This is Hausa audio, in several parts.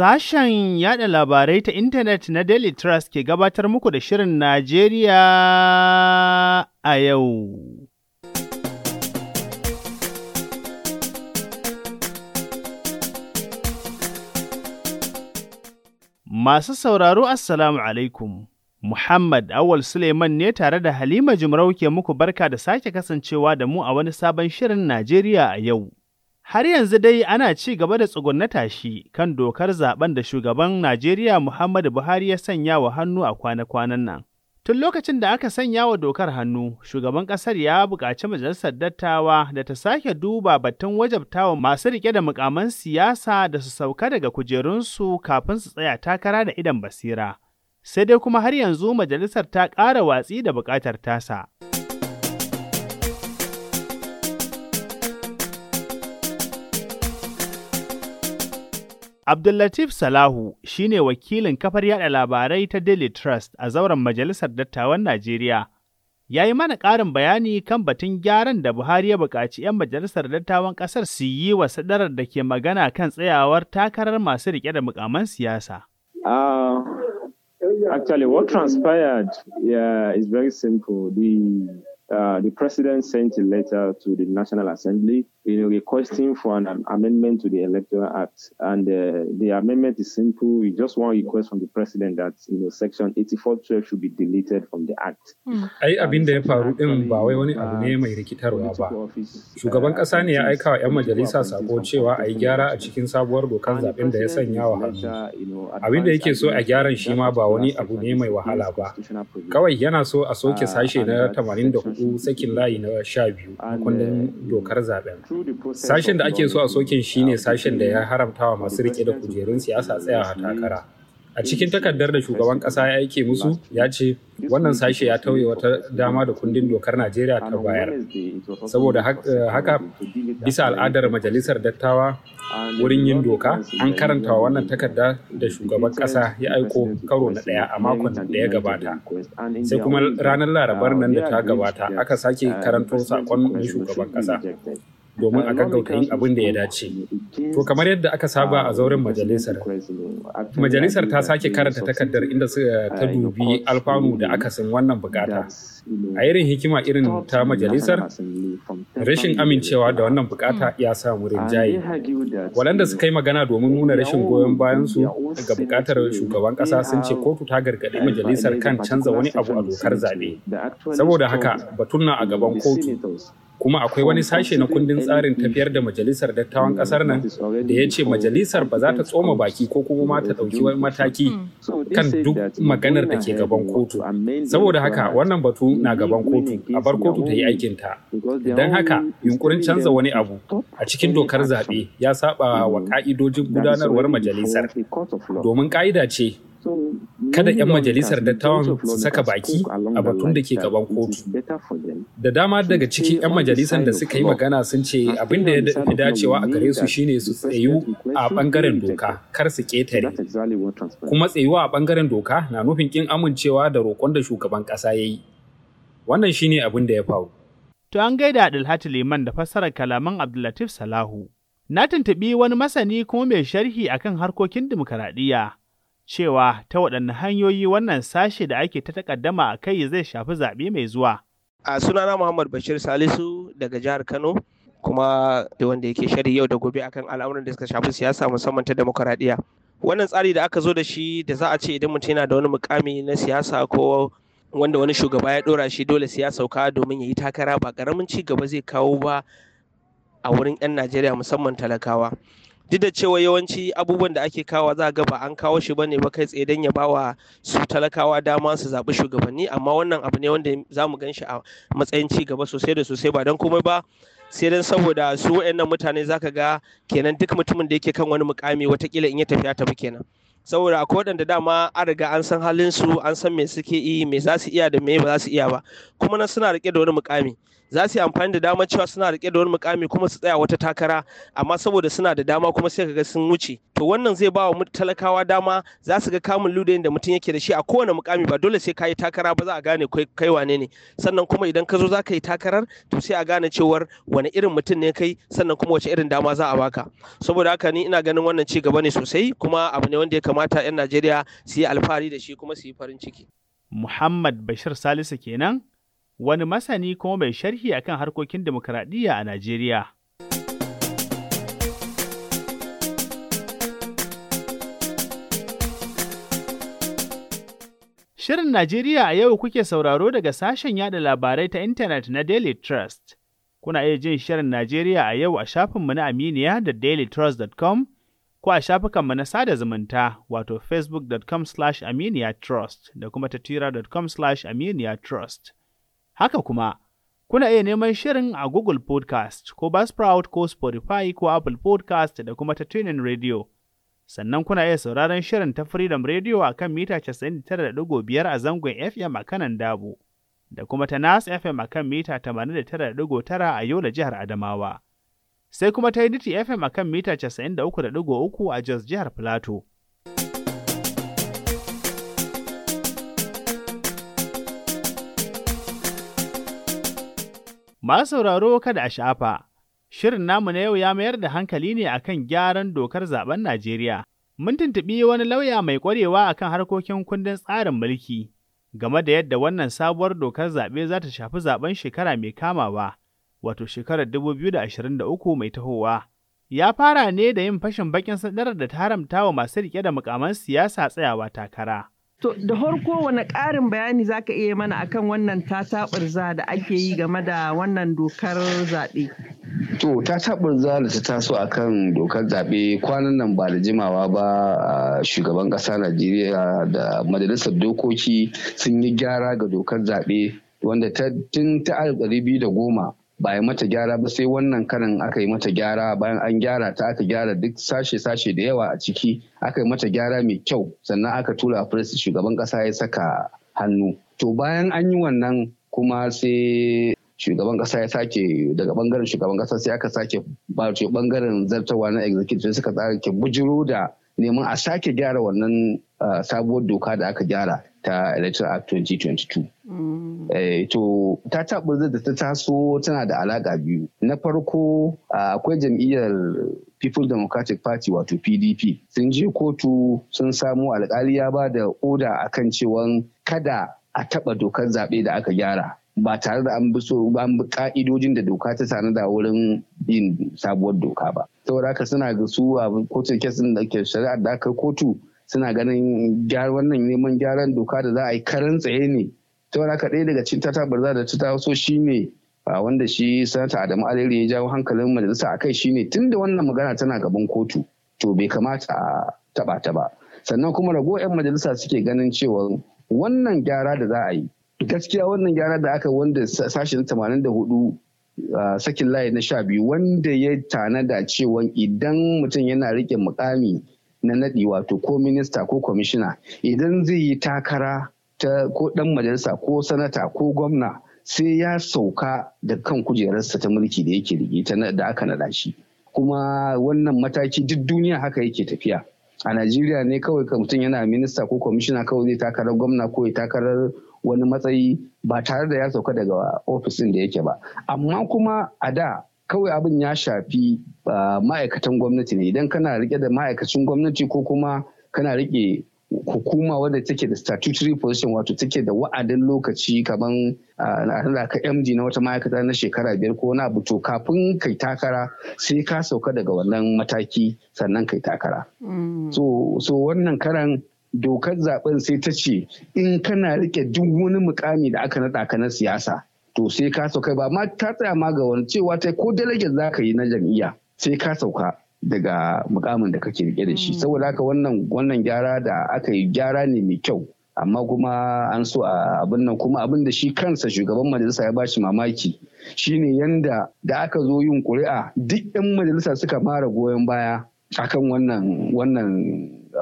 Sashen yada labarai ta intanet na Daily Trust ke gabatar muku da Shirin Najeriya a yau. Masu sauraro Assalamu alaikum. Muhammad Awal Suleiman ne tare da Halima Jimarau ke muku barka da sake kasancewa da mu a wani sabon Shirin Najeriya a yau. Har yanzu dai ana ci gaba da tsugunnata shi kan dokar zaben da shugaban Najeriya Muhammadu Buhari ya sanya wa hannu a kwana-kwanan nan. Tun lokacin da aka sanya wa dokar hannu, shugaban ƙasar ya buƙaci majalisar dattawa da ta sake duba batun wajabtawa masu riƙe da mukaman siyasa da su sauka daga kujerunsu kafin su tsaya takara da idan basira. Sai dai kuma har yanzu majalisar ta ƙara watsi da buƙatar tasa. Abdullatif Salahu shi ne wakilin kafar yada labarai ta Daily Trust a zauren Majalisar Dattawan Najeriya. Ya yi mana ƙarin bayani kan batun gyaran da Buhari ya buƙaci 'yan Majalisar Dattawan ƙasar su yi wa sadarar da ke magana kan tsayawar takarar masu riƙe da mukaman siyasa. Uh, actually, what transpired yeah, is very simple. The, uh, the president sent a letter to the National Assembly you know, requesting for an, an, amendment to the Electoral Act. And uh, the amendment is simple. We just want a request from the president that, you know, Section 8412 should be deleted from the Act. Hmm. Ai abin da ya faru din ba wai wani uh, abu ne mai rikitarwa ba. Shugaban ƙasa uh, ne ya aika wa 'yan majalisa sako cewa a yi gyara a cikin sabuwar dokar zaben da ya sanya wa hannu. Abin da yake so a gyaran shi ma ba wani abu ne mai wahala ba. Kawai yana so a soke uh, sashe na 84 sakin layi na 12 kundin dokar zaben. Sashen da ake so a sokin shi ne sashen da ya haramta wa masu rike da kujerun siyasa tsayawa takara. A cikin takardar da shugaban ƙasa ya aike musu ya ce wannan sashe ya tauye wata dama da kundin dokar Najeriya ta bayar. Saboda eh, haka bisa al'adar majalisar dattawa wurin yin doka an karanta wannan takarda da shugaban ƙasa ya aiko karo na ɗaya a makon da ya gabata. Sai kuma ranar larabar nan da ta gabata aka sake karanto sakon shugaban ƙasa. domin a uh, gaggauta yin abin da ya dace. To kamar yadda aka saba a zauren majalisar, majalisar ta sake karanta takardar inda uh, ta uh, dubi alfanu da aka akasin wannan bukata. A irin hikima irin ta majalisar, rashin amincewa da wannan bukata ya sa samu rinjaye. Waɗanda suka yi magana domin nuna rashin goyon bayan su ga bukatar shugaban ƙasa sun ce kotu ta gargaɗi majalisar kan canza wani abu a dokar zaɓe. Saboda haka batun na a gaban kotu. kuma akwai wani sashe na kundin tsarin tafiyar da majalisar dattawan kasar nan da ya ce majalisar ba za ta tsoma baki ko kuma ma ta ɗauki wani mataki hmm. kan duk maganar da ke gaban kotu saboda haka wannan batu na gaban kotu a bar kotu ta yi aikinta don haka yunkurin canza wani abu a cikin dokar zaɓe ya saba wa ka'idojin hmm. gudanarwar majalisar domin ka'ida ce Kada 'yan majalisar dattawan su saka baki a batun da ke gaban kotu. Da dama daga cikin 'yan majalisar da suka yi magana sun ce abin da ya dacewa a gare su shine su tsayu a bangaren doka kar su ketare. Kuma tsayuwa a bangaren doka na nufin kin amincewa da roƙon da shugaban ƙasa ya yi. Wannan shine abin da ya faru. To an gaida Adilhatu Liman da fassarar kalaman Abdullatif Salahu. Na tuntubi wani masani kuma mai sharhi akan harkokin dimokuraɗiyya. cewa ta waɗanne hanyoyi wannan sashe da ake ta takaddama a kai zai shafi zaɓe mai zuwa. A sunana Muhammad Bashir Salisu daga jihar Kano kuma da wanda yake shari yau da gobe akan al'amuran da suka shafi siyasa musamman ta demokaradiyya. Wannan tsari da aka zo da shi da za a ce idan mutum yana da wani mukami na siyasa ko wanda wani shugaba ya ɗora shi dole siya ya sauka domin ya yi takara ba ƙaramin ci gaba zai kawo ba a wurin 'yan Najeriya musamman talakawa. duk da cewa yawanci abubuwan da ake kawa za ga ba an kawo shi bane ba kai tsaye Dan ya bawa su talakawa dama su zaɓi shugabanni amma wannan abu ne wanda za mu gan a matsayin ci gaba sosai da sosai ba don komai ba sai dan saboda su waɗannan mutane zaka ga kenan duk mutumin da yake kan wani mukami watakila in ya tafi ta tafi kenan saboda akwai waɗanda dama an riga an san halin su an san me suke yi me za su iya da me ba za su iya ba kuma nan suna rike da wani mukami za su yi amfani da damar cewa suna rike da wani mukami kuma su tsaya wata takara amma saboda suna da dama kuma sai kaga sun wuce to wannan zai ba wa talakawa dama za su ga kamun ludayin da mutum yake da shi a kowane mukami ba dole sai ka yi takara ba za a gane kai wane ne sannan kuma idan ka zo za ka yi takarar to sai a gane cewar wani irin mutum ne kai sannan kuma wace irin dama za a baka saboda haka ni ina ganin wannan ci gaba ne sosai kuma abu ne wanda ya kamata 'yan Najeriya su yi alfahari da shi kuma su yi farin ciki. Muhammad Bashir Salisu kenan wani masani kuma mai sharhi a kan harkokin demokradiyya a Najeriya. Shirin Najeriya a yau kuke sauraro daga sashen yada labarai ta intanet na Daily Trust. Kuna iya jin Shirin Najeriya a yau a shafinmu na Aminiya da dailytrust.com ko a shafukanmu na sada zumunta wato facebook.com/aminiya trust da kuma tatira.com/aminiya trust. Haka kuma, kuna iya neman shirin a Google Podcast ko Buzzsprout ko Spotify ko Apple Podcast da kuma ta Tunin Radio. Sannan kuna iya sauraron shirin ta Freedom Radio a kan mita 99.5 a zangon FM a kanan dabu, da kuma ta Nas FM a kan mita 89.9 a Yola jihar Adamawa. Sai kuma ta Unity FM a kan mita 93.3 a Jos jihar Plateau. Masu sauraro kada a shafa, shirin namu na yau ya mayar da hankali ne akan gyaran dokar zaben Najeriya. Mun tuntuɓi wani lauya mai ƙwarewa akan harkokin kundin tsarin mulki game da yadda wannan sabuwar dokar zaɓe za ta shafi zaben shekara mai kamawa, wato shekarar 2023 mai tahowa. Ya fara ne da yin fashin baƙin sadarar da ta haramta wa masu riƙe da mukaman siyasa tsayawa takara. To da harko wani ƙarin bayani za ka iya mana akan wannan tataɓurza da ake yi game da wannan dokar zaɓe? To tataɓurza da ta taso a kan dokar zaɓe kwanan nan ba da jimawa ba a shugaban ƙasa Najeriya da majalisar dokoki sun yi gyara ga dokar zaɓe wanda tun ta alif ɗari biyu da goma ba yi mata gyara ba sai wannan karin aka yi mata gyara bayan an gyara ta aka gyara duk sashe-sashe da yawa a ciki aka yi mata gyara mai kyau sannan aka tura a press shugaban kasa ya saka hannu to bayan an yi wannan kuma sai shugaban kasa ya sake daga bangaren shugaban kasa sai aka sake ce bangaren zartawa na executive suka tsara ke bujiro da neman a sake gyara wannan ah, sabuwar doka da aka gyara ta Electoral Act 2022. Mm. Eh, to, ta taɓurza da ta taso tana da alaka biyu. Na farko akwai jam'iyyar People Democratic Party wato PDP sun je kotu sun samu alƙali ya ba da oda akan cewa kada a taɓa dokar zaɓe da aka gyara. ba tare da an bi so an bi ka'idojin da doka ta da wurin yin sabuwar doka ba saboda haka suna ga su a kotun kesin da ke shari'ar da aka kotu suna ganin wannan neman gyaran doka da za a yi karan tsaye ne saboda haka ɗaya daga cikin tatabarza da ta taso shine wanda shi sanata adamu alheri ya jawo hankalin majalisa a kai shi tun tunda wannan magana tana gaban kotu to bai kamata a taba ta ba sannan kuma rago 'yan majalisa suke ganin cewa wannan gyara da za a yi gaskiya wannan gyara da aka wanda sashen hudu sakin layi na sha biyu wanda ya tanada cewa idan mutum yana rike mukami na nadi wato ko minista ko kwamishina idan zai yi takara ta ko ɗan majalisa ko sanata ko gwamna sai ya sauka da kan kujerarsa ta mulki da yake rige da aka naɗa shi kuma wannan mataki duk duniya haka yake tafiya a najeriya ne kawai ka mutum yana minista ko kwamishina kawai zai takarar gwamna ko ya takarar wani matsayi ba tare da ya sauka daga ofis da yake ba amma kuma a da kawai abin ya shafi ah, ma'aikatan gwamnati ne idan kana rike da ma'aikacin gwamnati ko kuma kana rike hukuma wadda take da statutory position wato take da wa'adin lokaci kaman ah, ka md na wata ma'aikata na shekara biyar ko na abu to kafin kai takara sai ka sauka daga wannan mataki sannan kai takara mm. so wannan karan dokar zaben sai ta ce in kana rike duk wani mukami da aka naɗa ka na siyasa to sai ka sauka ba ma ta tsaya ma ga wani cewa ta ko delegate za ka yi na jam'iyya sai ka sauka daga mukamin da kake rike da shi hmm. saboda haka wannan wannan gyara da aka yi gyara ne mai kyau amma kuma an so a abin nan kuma abin da shi kansa shugaban majalisa ya bashi mamaki shine yanda da aka zo yin ƙuri'a duk 'yan majalisa suka mara goyon baya akan wannan wannan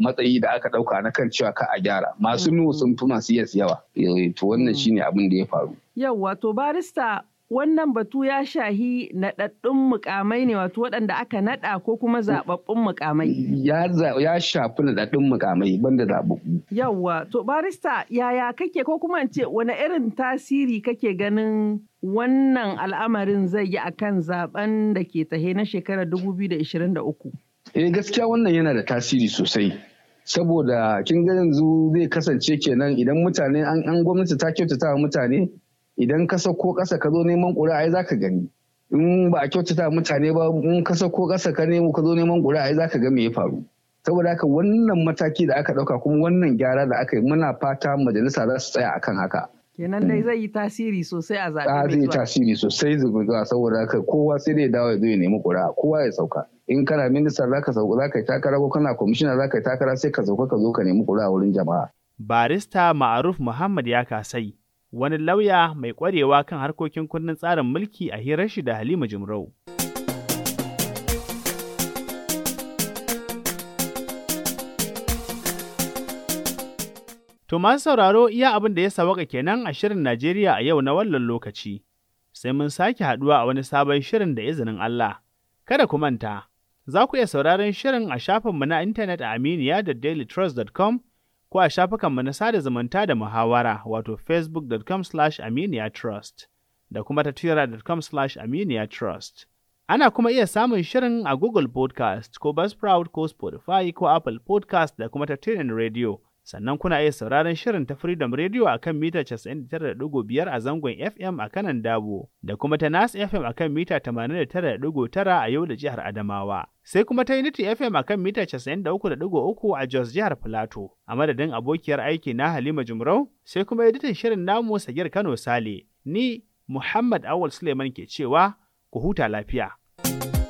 matsayi da aka ɗauka na kan cewa ka a gyara masu hmm. no sun fi masu yawa eh, to wannan hmm. shine abin da ya faru Yau wato barista wannan batu ya shahi naɗaɗɗun mukamai ne wato waɗanda aka naɗa ko kuma zaɓaɓɓun mukamai. Ya, shafi naɗaɗɗun mukamai banda zaɓaɓɓu. Yawwa to barista yaya kake ko kuma ce wani irin tasiri kake ganin wannan al'amarin zai yi akan zaben da ke tahe na shekarar 2023? Eh gaskiya wannan yana da tasiri sosai. Saboda kin ga yanzu zai kasance kenan idan mutane an gwamnati ta kyautata wa mutane idan ka sauko ƙasa ka zo neman ƙuri'a ai zaka gani in ba a kyautata mutane ba in ka sauko ƙasa ka nemo ka zo neman ƙuri'a ai zaka ga me ya faru saboda haka wannan mataki da aka ɗauka kuma wannan gyara da aka yi muna fata majalisa za su tsaya akan haka kenan dai zai yi tasiri sosai a zaɓe ah, mai zuwa. zai tasiri sosai zuwa saboda haka kowa sai dai dawo ya zo ya nemi ƙuri'a kowa ya sauka in kana minista za ka sauka ka yi takara ko kana kwamishina ka yi takara sai ka sauka ka zo ka nemi ƙuri'a wurin jama'a. barista ma'aruf muhammad ya kasai wani lauya mai ƙwarewa kan harkokin kundin tsarin mulki a hirar shi da Halima Jimrau. To masu sauraro iya abin da ya sawaka kenan a shirin Najeriya a yau na wannan lokaci, sai mun sake haduwa a wani sabon shirin da izinin Allah. Kada ku manta, za ku iya sauraron shirin a shafinmu na intanet a aminiya da dailytrust.com ko a shafukanmu na sada zumunta da muhawara wato facebook.com aminiyatrust da kuma ta twittercom aminiyatrust Ana kuma iya samun shirin a Google Podcast ko Buzzsprout ko Spotify ko Apple Podcast da kuma ta Radio Sannan kuna iya sauraron shirin ta Freedom Radio a kan mita 99.5 a zangon FM a kanan Dabo, da kuma ta Nas FM a kan mita 89.9 a yau da jihar Adamawa. Sai kuma ta Unity FM a kan mita 93.3 a Jos jihar Filato, a madadin abokiyar aiki na Halima Jumrau, sai kuma editan shirin namu Sagir Kano Sale. Ni Muhammad Awal Suleiman ke cewa, ku huta lafiya.